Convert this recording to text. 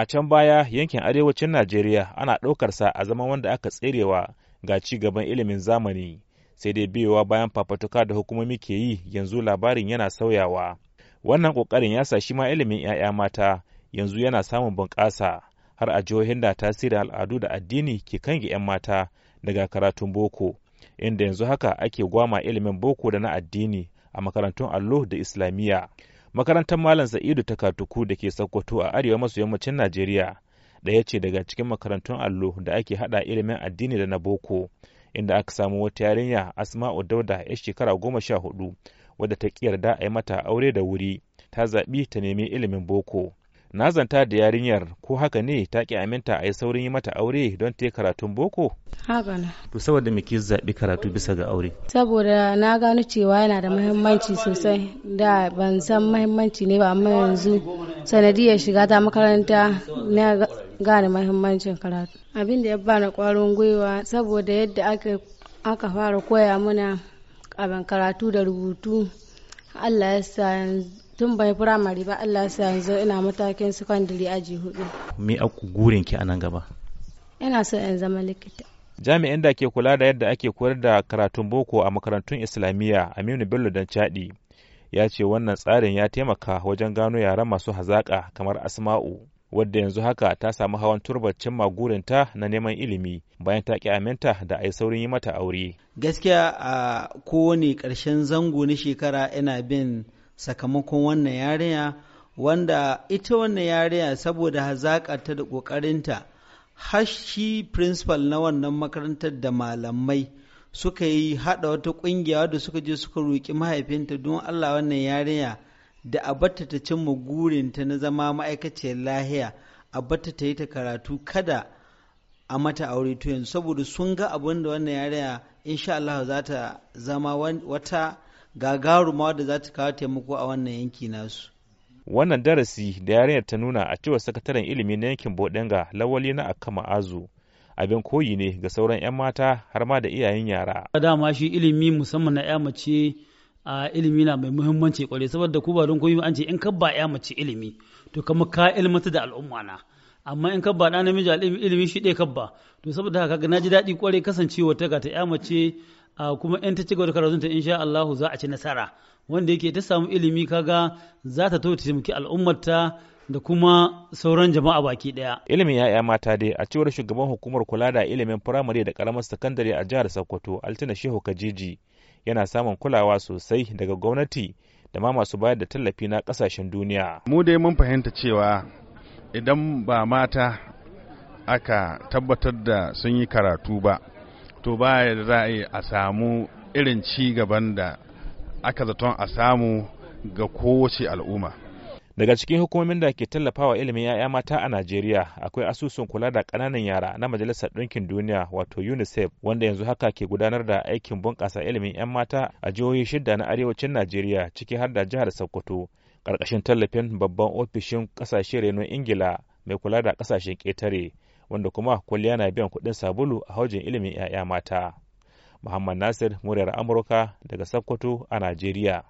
a can baya yankin arewacin najeriya ana ɗaukarsa a zaman wanda aka tserewa ga ci gaban ilimin zamani sai dai biyowa bayan fafatuka da hukumomi ke yi yanzu labarin yana sauyawa wannan ƙoƙarin ya sa shi ma ilimin 'ya'ya mata yanzu yana samun bunƙasa har a jihohin da tasirin al'adu da addini ke kan 'yan mata daga karatun boko inda yanzu haka ake gwama ilimin boko da na addini a makarantun allo da islamiyya makarantar malam sa'idu ta katuku da ke sokoto a arewa maso yammacin najeriya ɗaya ce daga cikin makarantun allo da ake hada ilimin addini da na boko inda aka samu wata yarinya asma'u dauda ya shekara goma sha hudu wadda ta yarda a yi mata aure da wuri ta zaɓi ta nemi ilimin boko na zanta da yarinyar ko haka ne ta ki aminta a yi saurin yi mata aure don ta karatun boko haka na to saboda me ki zaɓi karatu bisa ga aure saboda na gano cewa yana da muhimmanci sosai da ban san muhimmanci ne ba amma yanzu sanadiyar shiga ta makaranta na gane muhimmancin karatu abin da ya bani kwarin gwiwa saboda yadda aka aka fara koya mana abin karatu da rubutu Allah ya sa yanzu tun bai firamare ba Allah sa yanzu ina matakin secondary aji hudu me aku gurin ki a gaba ina so in zama likita jami'in da ke kula da yadda ake koyar da karatun boko a makarantun islamiyya aminu bello dan chadi ya ce wannan tsarin ya taimaka wajen gano yaran masu hazaka kamar asma'u wadda yanzu haka ta samu hawan turbar cimma gurinta na neman ilimi bayan ta ki aminta da ai saurin yi mata aure. Gaskiya a kowane ƙarshen zango na shekara ina bin sakamakon wannan yarinya wanda ita wannan yarinya saboda ta da ƙoƙarinta har shi principal na wannan makarantar da malamai suka yi haɗa wata ƙungiya da suka je suka roƙi mahaifinta don Allah wannan yarinya da abata ta cimma gurinta na zama ma'aikaciyar lahiya a ta yi ta karatu kada a mata aure to yanzu saboda sun ga abin da wannan yarinya insha Allah za ta zama wata gagaruma da za ta kawo taimako a wannan yanki nasu. Wannan darasi da yarinyar ta nuna a cewar sakataren ilimi na yankin Bodenga lawali na Akama Azu abin koyi ne ga sauran 'yan mata har ma da iyayen yara. Dama shi ilimi musamman na 'ya mace a ilimi na mai muhimmanci kwarai saboda ku ba don koyi an ce in ka ba 'ya mace ilimi to kama ka ilmata da al'umma na. amma in kabba da namiji a ilimi shi ɗaya kabba to saboda haka na ji daɗi kwarai kasancewa ta ga ta ya mace Ah, kuma yan ta ci gaba da karatunta insha Allah za a ci nasara wanda yake ta samu ilimi kaga za ta to taimaki al'ummarta da kuma sauran jama'a baki ɗaya. Ilimin ya'ya mata dai a cewar shugaban hukumar kula da ilimin firamare da karamar sakandare a jihar Sokoto Altina Shehu Kajiji yana samun kulawa sosai daga gwamnati da ma masu bayar da tallafi na kasashen duniya. Mu dai mun fahimta cewa idan ba mata aka tabbatar da sun yi karatu ba to ba da za a yi a samu irin ci gaban da aka zaton a samu ga kowace al'umma. Daga cikin hukumomin da ke tallafawa ilimin 'ya'ya mata a Najeriya akwai asusun kula da kananan yara na Majalisar Ɗinkin Duniya wato UNICEF wanda yanzu haka ke gudanar da aikin bunƙasa ilimin 'yan mata a jihohi shida na arewacin Najeriya ciki har da jihar Sokoto ƙarƙashin tallafin babban ofishin ƙasashe renon Ingila mai kula da ƙasashen ƙetare. wanda kuma kwalliya na biyan kuɗin sabulu a haujin ilimin 'ya'ya mata. Muhammad Nasir, muryar Amurka daga Sokoto a Najeriya.